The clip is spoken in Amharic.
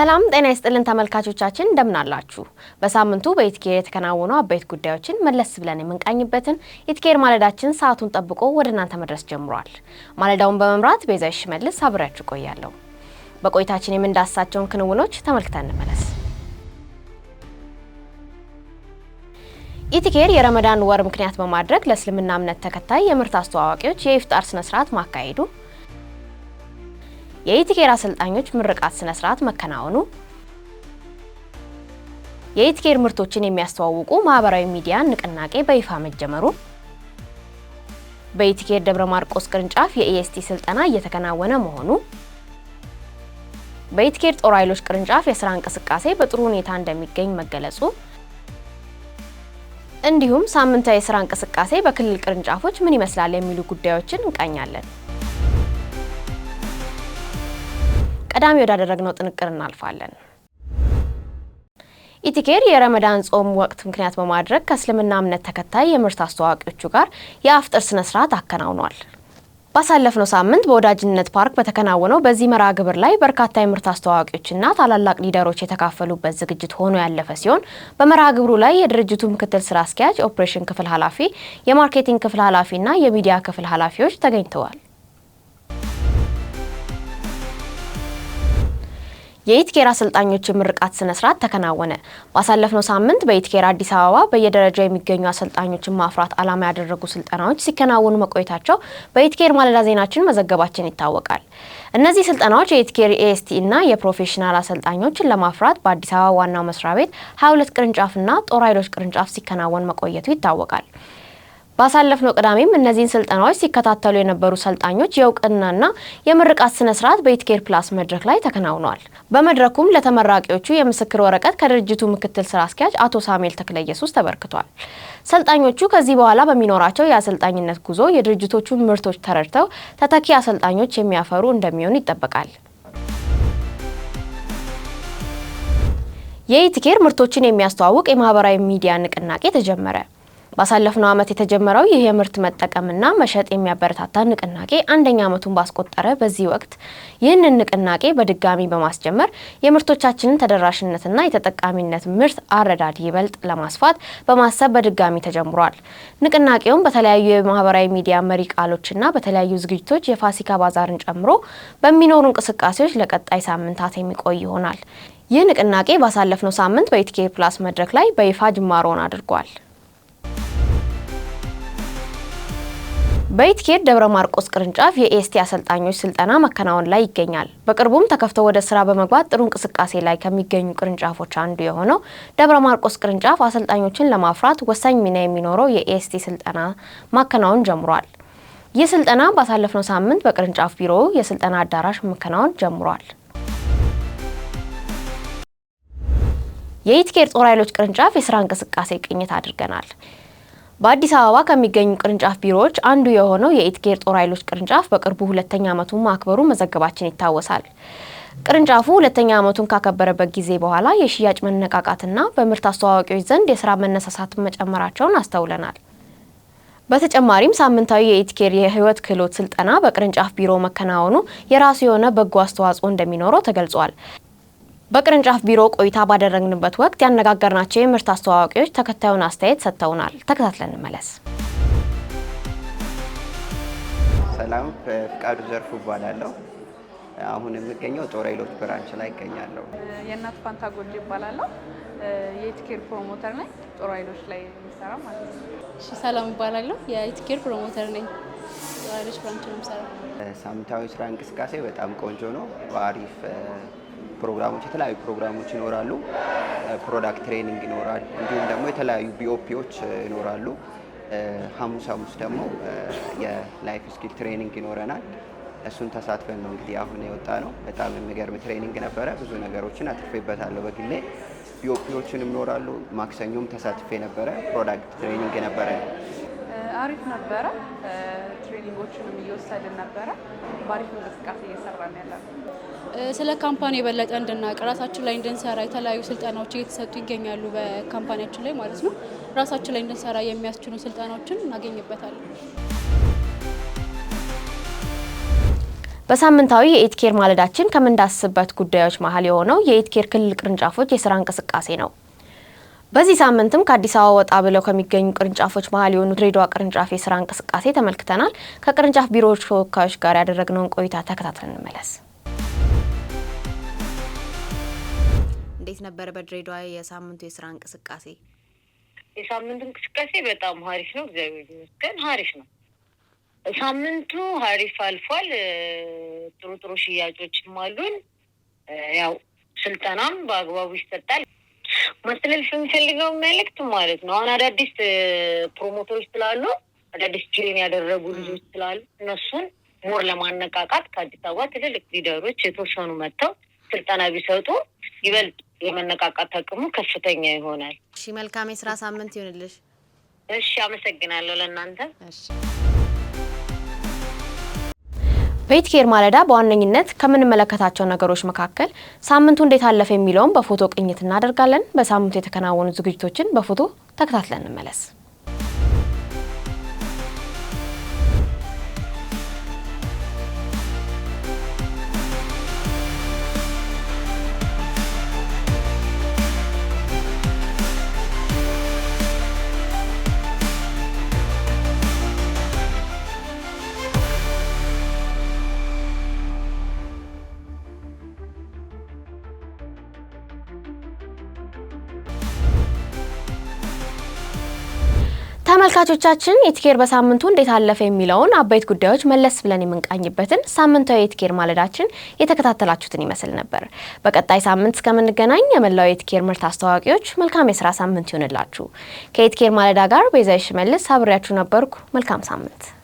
ሰላም ጤና ይስጥልን ተመልካቾቻችን እንደምን አላችሁ? በሳምንቱ በኢትኬር የተከናወኑ አበይት ጉዳዮችን መለስ ብለን የምንቃኝበትን ኢትኬር ማለዳችን ሰዓቱን ጠብቆ ወደ እናንተ መድረስ ጀምሯል። ማለዳውን በመምራት ቤዛ ይሽመልስ አብሬያችሁ ቆያለሁ። በቆይታችን የምንዳሳቸውን ክንውኖች ተመልክተን እንመለስ። ኢትኬር የረመዳን ወር ምክንያት በማድረግ ለእስልምና እምነት ተከታይ የምርት አስተዋዋቂዎች የኢፍጣር ስነስርዓት ማካሄዱ የኢትኬር አሰልጣኞች ምርቃት ስነ ስርዓት መከናወኑ፣ የኢትኬር ምርቶችን የሚያስተዋውቁ ማህበራዊ ሚዲያ ንቅናቄ በይፋ መጀመሩ፣ በኢትኬር ደብረ ማርቆስ ቅርንጫፍ የኢኤስቲ ስልጠና እየተከናወነ መሆኑ፣ በኢትኬር ጦር ኃይሎች ቅርንጫፍ የስራ እንቅስቃሴ በጥሩ ሁኔታ እንደሚገኝ መገለጹ እንዲሁም ሳምንታዊ የስራ እንቅስቃሴ በክልል ቅርንጫፎች ምን ይመስላል የሚሉ ጉዳዮችን እንቃኛለን። ቀዳሚ ወዳደረግነው ጥንቅር እናልፋለን። ኢቲኬር የረመዳን ጾም ወቅት ምክንያት በማድረግ ከእስልምና እምነት ተከታይ የምርት አስተዋዋቂዎቹ ጋር የአፍጥር ስነ ስርዓት አከናውኗል። ባሳለፍነው ሳምንት በወዳጅነት ፓርክ በተከናወነው በዚህ መርሃ ግብር ላይ በርካታ የምርት አስተዋዋቂዎችና ታላላቅ ሊደሮች የተካፈሉበት ዝግጅት ሆኖ ያለፈ ሲሆን በመርሃ ግብሩ ላይ የድርጅቱ ምክትል ስራ አስኪያጅ ኦፕሬሽን ክፍል ኃላፊ፣ የማርኬቲንግ ክፍል ኃላፊና የሚዲያ ክፍል ኃላፊዎች ተገኝተዋል። የኢትኬር አሰልጣኞች የምርቃት ስነ ስርዓት ተከናወነ። ባሳለፍነው ሳምንት በኢትኬር አዲስ አበባ በየደረጃ የሚገኙ አሰልጣኞችን ማፍራት ዓላማ ያደረጉ ስልጠናዎች ሲከናወኑ መቆየታቸው በኢትኬር ማለዳ ዜናችን መዘገባችን ይታወቃል። እነዚህ ስልጠናዎች የኢትኬር ኤኤስቲ እና የፕሮፌሽናል አሰልጣኞችን ለማፍራት በአዲስ አበባ ዋናው መስሪያ ቤት 22 ቅርንጫፍና ጦር ኃይሎች ቅርንጫፍ ሲከናወን መቆየቱ ይታወቃል። ባሳለፍነው ቅዳሜም እነዚህን ስልጠናዎች ሲከታተሉ የነበሩ ሰልጣኞች የእውቅናና የምርቃት ስነ ስርዓት በኢትኬር ፕላስ መድረክ ላይ ተከናውኗል። በመድረኩም ለተመራቂዎቹ የምስክር ወረቀት ከድርጅቱ ምክትል ስራ አስኪያጅ አቶ ሳሙኤል ተክለ ኢየሱስ ተበርክቷል። ሰልጣኞቹ ከዚህ በኋላ በሚኖራቸው የአሰልጣኝነት ጉዞ የድርጅቶቹን ምርቶች ተረድተው ተተኪ አሰልጣኞች የሚያፈሩ እንደሚሆን ይጠበቃል። የኢትኬር ምርቶችን የሚያስተዋውቅ የማህበራዊ ሚዲያ ንቅናቄ ተጀመረ። ባሳለፍነው ዓመት የተጀመረው ይህ የምርት መጠቀምና መሸጥ የሚያበረታታ ንቅናቄ አንደኛ ዓመቱን ባስቆጠረ በዚህ ወቅት ይህንን ንቅናቄ በድጋሚ በማስጀመር የምርቶቻችንን ተደራሽነትና የተጠቃሚነት ምርት አረዳድ ይበልጥ ለማስፋት በማሰብ በድጋሚ ተጀምሯል። ንቅናቄውም በተለያዩ የማህበራዊ ሚዲያ መሪ ቃሎችና በተለያዩ ዝግጅቶች የፋሲካ ባዛርን ጨምሮ በሚኖሩ እንቅስቃሴዎች ለቀጣይ ሳምንታት የሚቆይ ይሆናል። ይህ ንቅናቄ ባሳለፍነው ሳምንት በኢቲኬ ፕላስ መድረክ ላይ በይፋ ጅማሮን አድርጓል። በኢቲኬድ ደብረ ማርቆስ ቅርንጫፍ የኤስቲ አሰልጣኞች ስልጠና መከናወን ላይ ይገኛል። በቅርቡም ተከፍተው ወደ ስራ በመግባት ጥሩ እንቅስቃሴ ላይ ከሚገኙ ቅርንጫፎች አንዱ የሆነው ደብረ ማርቆስ ቅርንጫፍ አሰልጣኞችን ለማፍራት ወሳኝ ሚና የሚኖረው የኤስቲ ስልጠና ማከናወን ጀምሯል። ይህ ስልጠና ባሳለፍነው ሳምንት በቅርንጫፍ ቢሮ የስልጠና አዳራሽ መከናወን ጀምሯል። የኢቲኬድ ጦር ኃይሎች ቅርንጫፍ የስራ እንቅስቃሴ ቅኝት አድርገናል። በአዲስ አበባ ከሚገኙ ቅርንጫፍ ቢሮዎች አንዱ የሆነው የኢትኬር ጦር ኃይሎች ቅርንጫፍ በቅርቡ ሁለተኛ ዓመቱን ማክበሩ መዘገባችን ይታወሳል። ቅርንጫፉ ሁለተኛ ዓመቱን ካከበረበት ጊዜ በኋላ የሽያጭ መነቃቃትና በምርት አስተዋዋቂዎች ዘንድ የስራ መነሳሳት መጨመራቸውን አስተውለናል። በተጨማሪም ሳምንታዊ የኢትኬር የህይወት ክህሎት ስልጠና በቅርንጫፍ ቢሮ መከናወኑ የራሱ የሆነ በጎ አስተዋጽኦ እንደሚኖረው ተገልጿል። በቅርንጫፍ ቢሮ ቆይታ ባደረግንበት ወቅት ያነጋገርናቸው የምርት አስተዋዋቂዎች ተከታዩን አስተያየት ሰጥተውናል። ተከታትለን እንመለስ። ሰላም፣ ፍቃዱ ዘርፉ እባላለሁ። አሁን የምገኘው ጦር ኃይሎች ብራንች ላይ ይገኛለሁ። የእናት ፋንታ ጎጆ ይባላለሁ። የኢትኬር ፕሮሞተር ነኝ። ጦር ኃይሎች ላይ የሚሰራ ማለት ነው። ሰላም እባላለሁ። የኢትኬር ፕሮሞተር ነኝ። ጦር ኃይሎች ብራንች ነው የምሰራው። ሳምንታዊ ስራ እንቅስቃሴ በጣም ቆንጆ ነው። በአሪፍ ፕሮግራሞች፣ የተለያዩ ፕሮግራሞች ይኖራሉ። ፕሮዳክት ትሬኒንግ ይኖራል። እንዲሁም ደግሞ የተለያዩ ቢኦፒዎች ይኖራሉ። ሐሙስ ሐሙስ ደግሞ የላይፍ ስኪል ትሬኒንግ ይኖረናል። እሱን ተሳትፈን ነው እንግዲህ አሁን የወጣ ነው። በጣም የሚገርም ትሬኒንግ ነበረ። ብዙ ነገሮችን አትርፌበታለሁ በግሌ ቢኦፒዎችንም ይኖራሉ። ማክሰኞም ተሳትፌ ነበረ። ፕሮዳክት ትሬኒንግ ነበረ። አሪፍ ነበረ። ትሬኒንጎችንም እየወሰድን ነበረ። በአሪፍ እንቅስቃሴ እየሰራን ያለ ስለ ካምፓኒ የበለጠ እንድናቅ ራሳችን ላይ እንድንሰራ የተለያዩ ስልጠናዎች እየተሰጡ ይገኛሉ፣ በካምፓኒያችን ላይ ማለት ነው። ራሳችን ላይ እንድንሰራ የሚያስችሉ ስልጠናዎችን እናገኝበታለን። በሳምንታዊ የኢትኬር ማለዳችን ከምንዳስስበት ጉዳዮች መሀል የሆነው የኢትኬር ክልል ቅርንጫፎች የስራ እንቅስቃሴ ነው። በዚህ ሳምንትም ከአዲስ አበባ ወጣ ብለው ከሚገኙ ቅርንጫፎች መሀል የሆኑ ድሬዳዋ ቅርንጫፍ የስራ እንቅስቃሴ ተመልክተናል። ከቅርንጫፍ ቢሮዎች ተወካዮች ጋር ያደረግነውን ቆይታ ተከታትለን እንመለስ። እንዴት ነበረ በድሬዳዋ የሳምንቱ የስራ እንቅስቃሴ? የሳምንቱ እንቅስቃሴ በጣም ሀሪፍ ነው፣ እግዚአብሔር ይመስገን ሀሪፍ ነው። ሳምንቱ ሀሪፍ አልፏል። ጥሩ ጥሩ ሽያጮችም አሉን። ያው ስልጠናም በአግባቡ ይሰጣል። ማስተላለፍ የምፈልገው መልእክት ማለት ነው። አሁን አዳዲስ ፕሮሞተሮች ስላሉ አዳዲስ ጅሬን ያደረጉ ልጆች ስላሉ እነሱን ሞር ለማነቃቃት ከአዲስ አበባ ትልልቅ ሊደሮች የተወሰኑ መጥተው ስልጠና ቢሰጡ ይበልጥ የመነቃቃት አቅሙ ከፍተኛ ይሆናል። እሺ፣ መልካም የስራ ሳምንት ይሁንልሽ። እሺ፣ አመሰግናለሁ ለእናንተ። በኢት ኬር ማለዳ በዋነኝነት ከምንመለከታቸው ነገሮች መካከል ሳምንቱ እንዴት አለፈ የሚለውን በፎቶ ቅኝት እናደርጋለን። በሳምንቱ የተከናወኑ ዝግጅቶችን በፎቶ ተከታትለን እንመለስ። ተመልካቾቻችን ኢትኬር በሳምንቱ እንዴት አለፈ የሚለውን አበይት ጉዳዮች መለስ ብለን የምንቃኝበትን ሳምንታዊ የኢትኬር ማለዳችን የተከታተላችሁትን ይመስል ነበር። በቀጣይ ሳምንት እስከምንገናኝ የመላው የኢትኬር ምርት አስተዋዋቂዎች መልካም የስራ ሳምንት ይሆንላችሁ። ከኢትኬር ማለዳ ጋር ቤዛሽ መልስ አብሬያችሁ ነበርኩ። መልካም ሳምንት